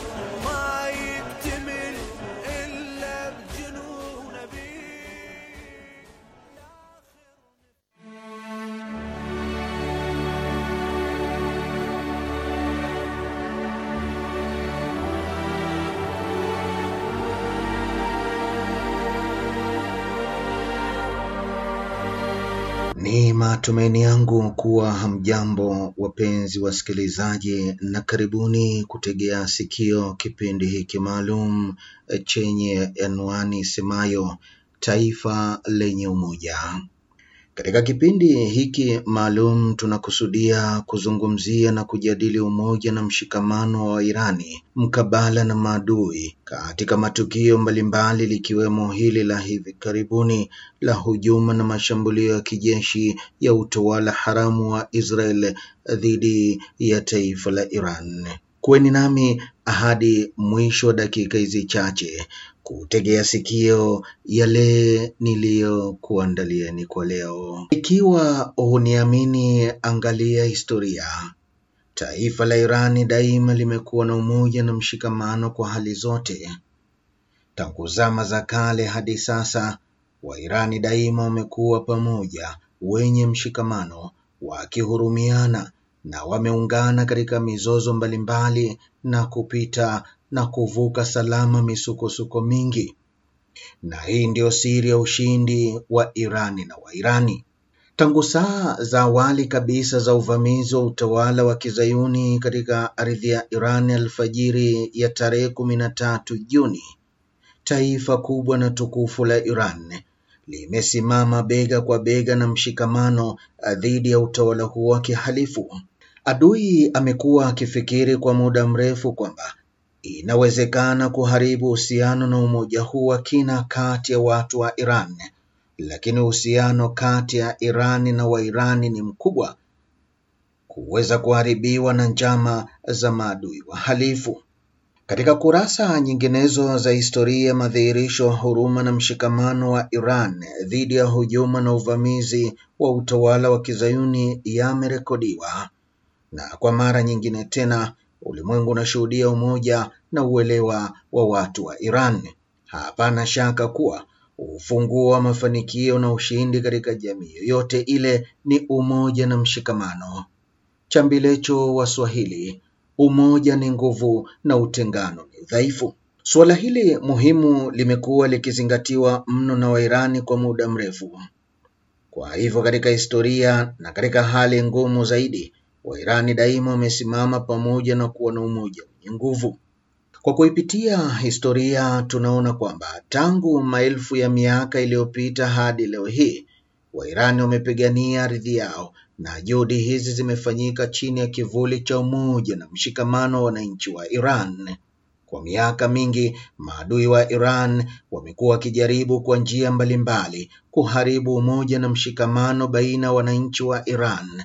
Ni matumaini yangu kuwa hamjambo wapenzi wasikilizaji, na karibuni kutegea sikio kipindi hiki maalum eh, chenye anwani semayo taifa lenye umoja. Katika kipindi hiki maalum tunakusudia kuzungumzia na kujadili umoja na mshikamano wa Irani mkabala na maadui katika matukio mbalimbali likiwemo hili la hivi karibuni la hujuma na mashambulio ya kijeshi ya utawala haramu wa Israel dhidi ya taifa la Iran. Kuweni nami ahadi mwisho wa dakika hizi chache kutegea sikio yale niliyokuandalieni kwa leo. Ikiwa huniamini, angalia historia. Taifa la Irani daima limekuwa na umoja na mshikamano kwa hali zote. Tangu zama za kale hadi sasa, Wairani daima wamekuwa pamoja, wenye mshikamano, wakihurumiana na wameungana katika mizozo mbalimbali na kupita na kuvuka salama misukosuko mingi. Na hii ndiyo siri ya ushindi wa Irani na Wairani. Tangu saa za awali kabisa za uvamizi wa utawala wa kizayuni katika ardhi ya Iran alfajiri ya tarehe kumi na tatu Juni, taifa kubwa na tukufu la Iran limesimama bega kwa bega na mshikamano eh, dhidi ya utawala huo wa kihalifu. Adui amekuwa akifikiri kwa muda mrefu kwamba inawezekana kuharibu uhusiano na umoja huu wa kina kati ya watu wa Iran, lakini uhusiano kati ya Iran na Wairani ni mkubwa kuweza kuharibiwa na njama za maadui wahalifu. Katika kurasa nyinginezo za historia, madhihirisho ya huruma na mshikamano wa Iran dhidi ya hujuma na uvamizi wa utawala wa kizayuni yamerekodiwa, na kwa mara nyingine tena Ulimwengu unashuhudia umoja na uelewa wa watu wa Iran. Hapana shaka kuwa ufunguo wa mafanikio na ushindi katika jamii yoyote ile ni umoja na mshikamano. Chambilecho wa Swahili, umoja ni nguvu na utengano ni udhaifu. Suala hili muhimu limekuwa likizingatiwa mno na Wairani kwa muda mrefu. Kwa hivyo, katika historia na katika hali ngumu zaidi, Wairani daima wamesimama pamoja na kuwa na umoja wenye nguvu. Kwa kuipitia historia, tunaona kwamba tangu maelfu ya miaka iliyopita hadi leo hii Wairani wamepigania ardhi yao na juhudi hizi zimefanyika chini ya kivuli cha umoja na mshikamano wa wananchi wa Iran. Kwa miaka mingi, maadui wa Iran wamekuwa wakijaribu kwa njia mbalimbali kuharibu umoja na mshikamano baina ya wananchi wa Iran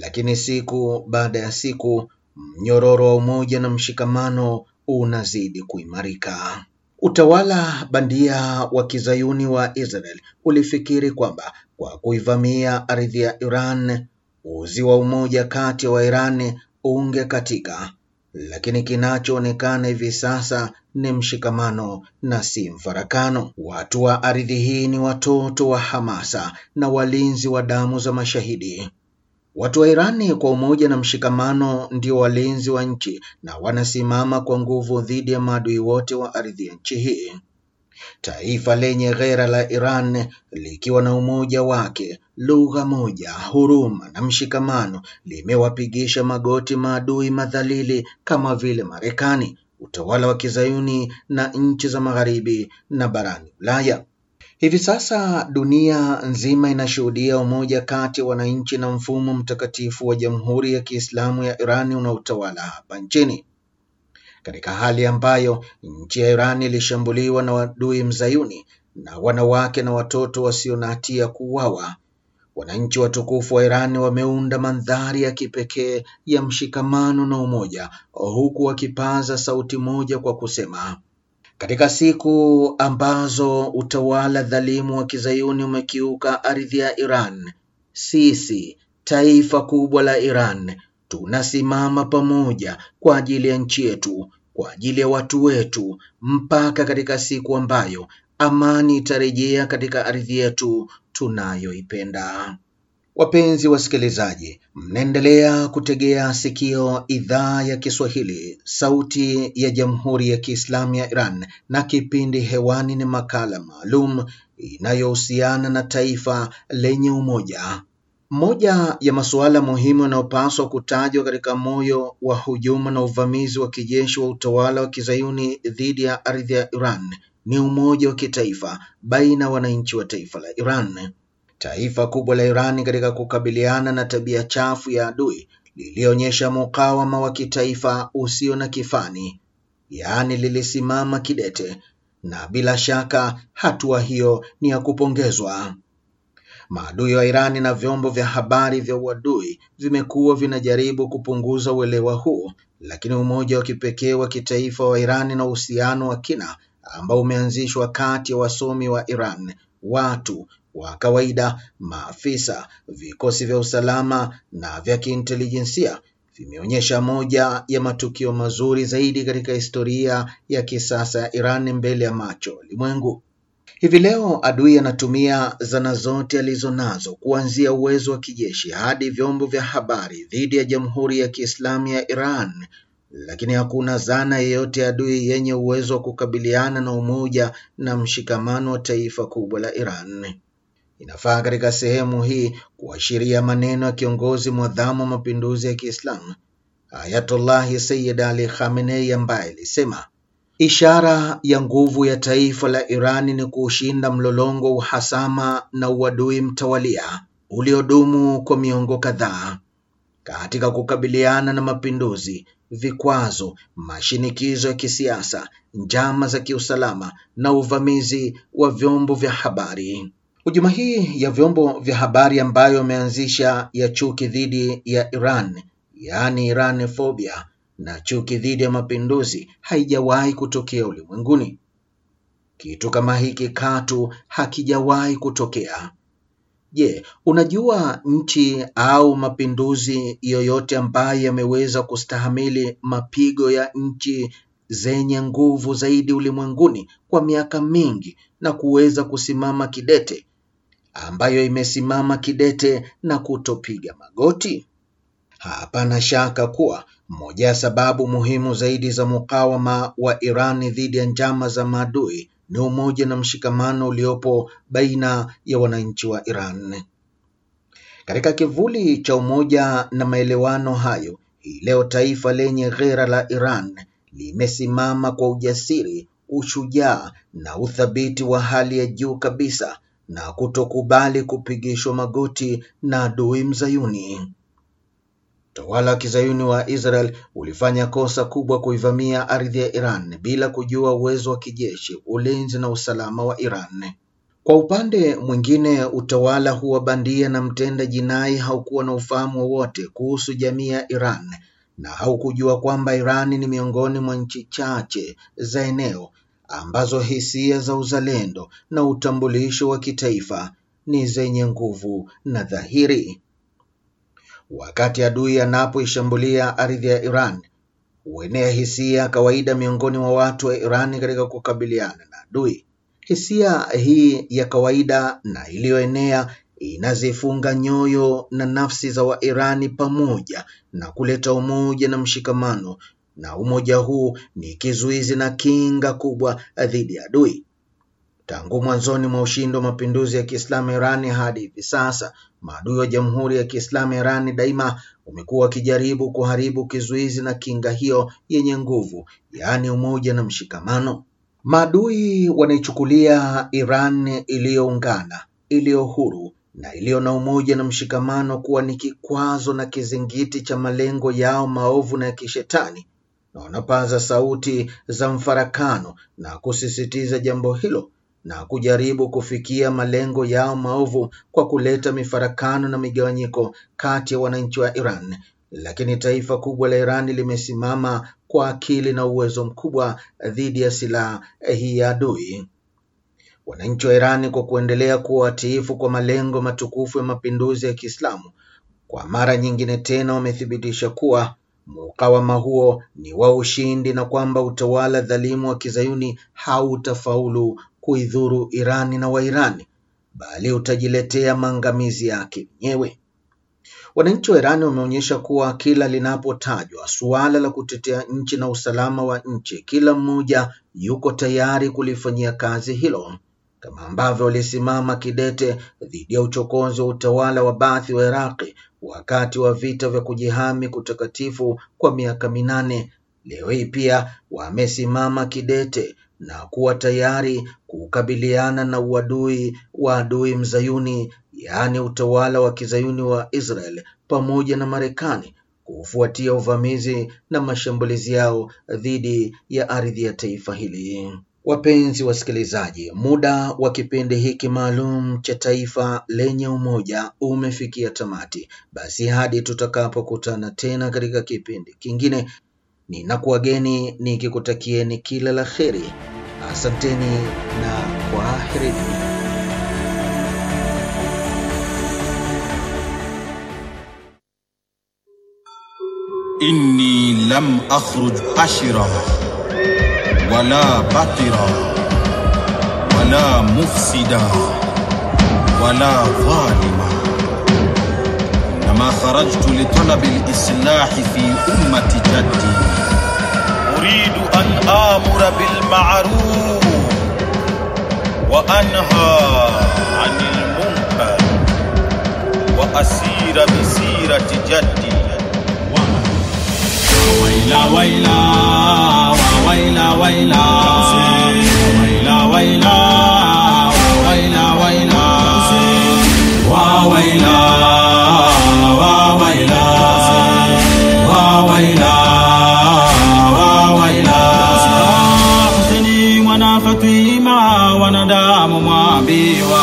lakini siku baada ya siku mnyororo wa umoja na mshikamano unazidi kuimarika. Utawala bandia wa kizayuni wa Israel ulifikiri kwamba kwa kuivamia ardhi ya Iran uzi wa umoja kati ya wa Wairani ungekatika, lakini kinachoonekana hivi sasa ni mshikamano na si mfarakano. Watu wa ardhi hii ni watoto wa hamasa na walinzi wa damu za mashahidi. Watu wa Irani kwa umoja na mshikamano ndio walinzi wa nchi na wanasimama kwa nguvu dhidi ya maadui wote wa ardhi ya nchi hii. Taifa lenye ghera la Iran likiwa na umoja wake, lugha moja, huruma na mshikamano, limewapigisha magoti maadui madhalili kama vile Marekani, utawala wa Kizayuni na nchi za Magharibi na barani Ulaya. Hivi sasa dunia nzima inashuhudia umoja kati ya wananchi na mfumo mtakatifu wa Jamhuri ya Kiislamu ya irani unaotawala hapa nchini, katika hali ambayo nchi ya Iran ilishambuliwa na adui mzayuni na wanawake na watoto wasio na hatia kuuawa. Wananchi watukufu wa Iran wameunda mandhari ya kipekee ya mshikamano na umoja, huku wakipaza sauti moja kwa kusema katika siku ambazo utawala dhalimu wa kizayuni umekiuka ardhi ya Iran, sisi taifa kubwa la Iran tunasimama pamoja kwa ajili ya nchi yetu, kwa ajili ya watu wetu, mpaka katika siku ambayo amani itarejea katika ardhi yetu tunayoipenda. Wapenzi wasikilizaji, mnaendelea kutegea sikio idhaa ya Kiswahili, sauti ya jamhuri ya kiislamu ya Iran, na kipindi hewani ni makala maalum inayohusiana na taifa lenye umoja. Moja ya masuala muhimu yanayopaswa kutajwa katika moyo wa hujuma na uvamizi wa kijeshi wa utawala wa kizayuni dhidi ya ardhi ya Iran ni umoja wa kitaifa baina ya wananchi wa taifa la Iran. Taifa kubwa la Irani katika kukabiliana na tabia chafu ya adui lilionyesha mukawama wa kitaifa usio na kifani, yaani lilisimama kidete, na bila shaka hatua hiyo ni ya kupongezwa. Maadui wa Irani na vyombo vya habari vya uadui vimekuwa vinajaribu kupunguza uelewa huu, lakini umoja wa kipekee wa kitaifa wa Irani na uhusiano wa kina ambao umeanzishwa kati ya wasomi wa Iran, watu, wa kawaida, maafisa, vikosi vya usalama na vya kiintelijensia vimeonyesha moja ya matukio mazuri zaidi katika historia ya kisasa ya Iran mbele ya macho ulimwengu. Hivi leo adui anatumia zana zote alizonazo kuanzia uwezo wa kijeshi hadi vyombo vya habari dhidi ya Jamhuri ya Kiislamu ya Iran, lakini hakuna zana yeyote adui yenye uwezo wa kukabiliana na umoja na mshikamano wa taifa kubwa la Iran inafaa katika sehemu hii kuashiria maneno ya kiongozi mwadhamu wa mapinduzi ya Kiislamu Ayatullahi Sayyid Ali Khamenei ambaye alisema ishara ya nguvu ya taifa la Irani ni kuushinda mlolongo wa uhasama na uadui mtawalia uliodumu kwa miongo kadhaa katika kukabiliana na mapinduzi, vikwazo, mashinikizo ya kisiasa, njama za kiusalama na uvamizi wa vyombo vya habari. Hujuma hii ya vyombo vya habari ambayo imeanzisha ya chuki dhidi ya Iran, yaani Iran phobia na chuki dhidi ya mapinduzi haijawahi kutokea ulimwenguni. Kitu kama hiki katu hakijawahi kutokea. Je, unajua nchi au mapinduzi yoyote ambayo yameweza kustahamili mapigo ya nchi zenye nguvu zaidi ulimwenguni kwa miaka mingi na kuweza kusimama kidete ambayo imesimama kidete na kutopiga magoti? Hapana shaka kuwa moja ya sababu muhimu zaidi za mukawama wa Iran dhidi ya njama za maadui ni umoja na mshikamano uliopo baina ya wananchi wa Iran. Katika kivuli cha umoja na maelewano hayo, hii leo taifa lenye ghera la Iran limesimama kwa ujasiri, ushujaa na uthabiti wa hali ya juu kabisa na kutokubali kupigishwa magoti na adui mzayuni. Utawala wa kizayuni wa Israel ulifanya kosa kubwa kuivamia ardhi ya Iran bila kujua uwezo wa kijeshi, ulinzi na usalama wa Iran. Kwa upande mwingine, utawala huwa bandia na mtenda jinai haukuwa na ufahamu wowote kuhusu jamii ya Iran na haukujua kwamba Iran ni miongoni mwa nchi chache za eneo ambazo hisia za uzalendo na utambulisho wa kitaifa ni zenye nguvu na dhahiri. Wakati adui anapoishambulia ardhi ya Iran, huenea hisia ya kawaida miongoni mwa watu wa Iran katika kukabiliana na adui. Hisia hii ya kawaida na iliyoenea inazifunga nyoyo na nafsi za Wairani pamoja na kuleta umoja na mshikamano na umoja huu ni kizuizi na kinga kubwa dhidi ya adui. Tangu mwanzoni mwa ushindi wa mapinduzi ya Kiislamu Irani hadi hivi sasa, maadui wa Jamhuri ya Kiislamu Irani daima umekuwa wakijaribu kuharibu kizuizi na kinga hiyo yenye nguvu, yaani umoja na mshikamano. Maadui wanaichukulia Iran iliyoungana, iliyo huru na iliyo na umoja na mshikamano kuwa ni kikwazo na kizingiti cha malengo yao maovu na ya kishetani na wanapaza sauti za mfarakano na kusisitiza jambo hilo na kujaribu kufikia malengo yao maovu kwa kuleta mifarakano na migawanyiko kati ya wananchi wa Iran. Lakini taifa kubwa la Iran limesimama kwa akili na uwezo mkubwa dhidi ya silaha hii ya adui. Wananchi wa Iran, kwa kuendelea kuwa watiifu kwa malengo matukufu ya mapinduzi ya Kiislamu, kwa mara nyingine tena wamethibitisha kuwa mukawama huo ni wa ushindi na kwamba utawala dhalimu wa kizayuni hautafaulu kuidhuru Irani na Wairani bali utajiletea maangamizi yake mwenyewe. Wananchi wa Irani wameonyesha kuwa kila linapotajwa suala la kutetea nchi na usalama wa nchi, kila mmoja yuko tayari kulifanyia kazi hilo, kama ambavyo walisimama kidete dhidi ya uchokozi wa utawala wa Baath wa Iraqi wakati wa vita vya kujihami kutakatifu kwa miaka minane. Leo hii pia wamesimama kidete na kuwa tayari kukabiliana na uadui wa adui mzayuni, yaani utawala wa kizayuni wa Israel pamoja na Marekani kufuatia uvamizi na mashambulizi yao dhidi ya ardhi ya taifa hili. Wapenzi wasikilizaji, muda wa kipindi hiki maalum cha Taifa lenye Umoja umefikia tamati. Basi hadi tutakapokutana tena katika kipindi kingine, ninakuwageni nikikutakieni kila la heri. Asanteni na kwaherini. Inni lam akhruj bashira ولا بطرا ولا مفسدا ولا ظالما إنما خرجت لطلب الإصلاح في أمة جدي أريد أن آمر بالمعروف وأنهى عن المنكر وأسير بسيرة جدي ويلا ويلا ويلا ويلا ويلا ويلا ويلا ويلا وويلا وويلا وويلا وويلا حسني وانا خطيما وانا دام معبيوا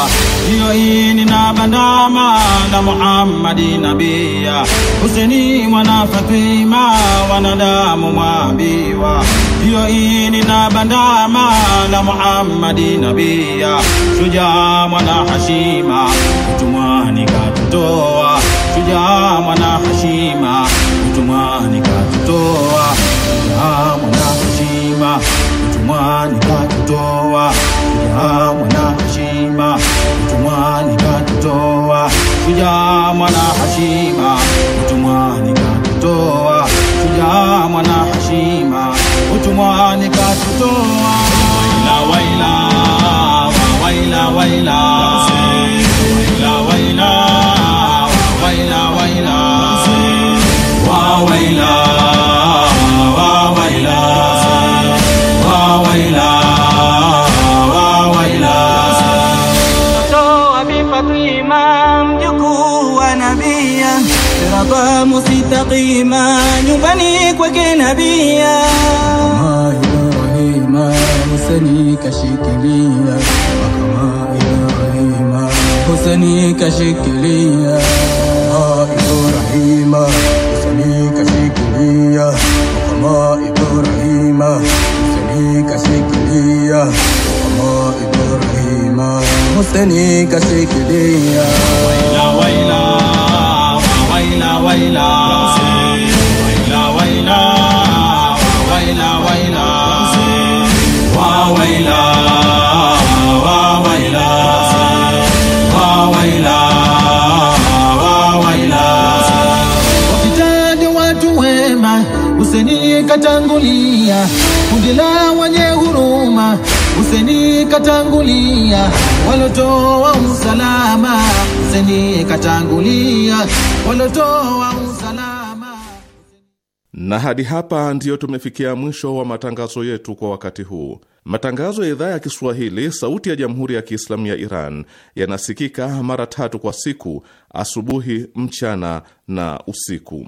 jiyoyini na bandama na muhammadi nabiya huseni mwana fatima wanadamu mwabia iliyoini na bandama la Muhammadi nabia shujaa mwana hashima utumwani katutoa shujaa mwana hashima utumwani katutoa shujaa mwana hashima utumwani katutoa shujaa mwana hashima utumwani katutoa shujaa mwana hashima ويلا ستوعى ويلا ويلا ويلا ويلا وسميك شكلية حمائي رحيمة وسميك شكلية وحمائي رحيمة وسميك شكلية وحمائي رحيمة وسميك شكلية ويلا ويلا ويلا ويلا ويلا ويلا ويلا ويلا ويلا katangulia, kundi la wenye huruma. useni katangulia, walotoa usalama. useni katangulia, walotoa usalama. Na hadi hapa ndiyo tumefikia mwisho wa matangazo yetu kwa wakati huu. Matangazo ya idhaa ya Kiswahili sauti ya Jamhuri ya Kiislamu ya Iran yanasikika mara tatu kwa siku: asubuhi, mchana na usiku.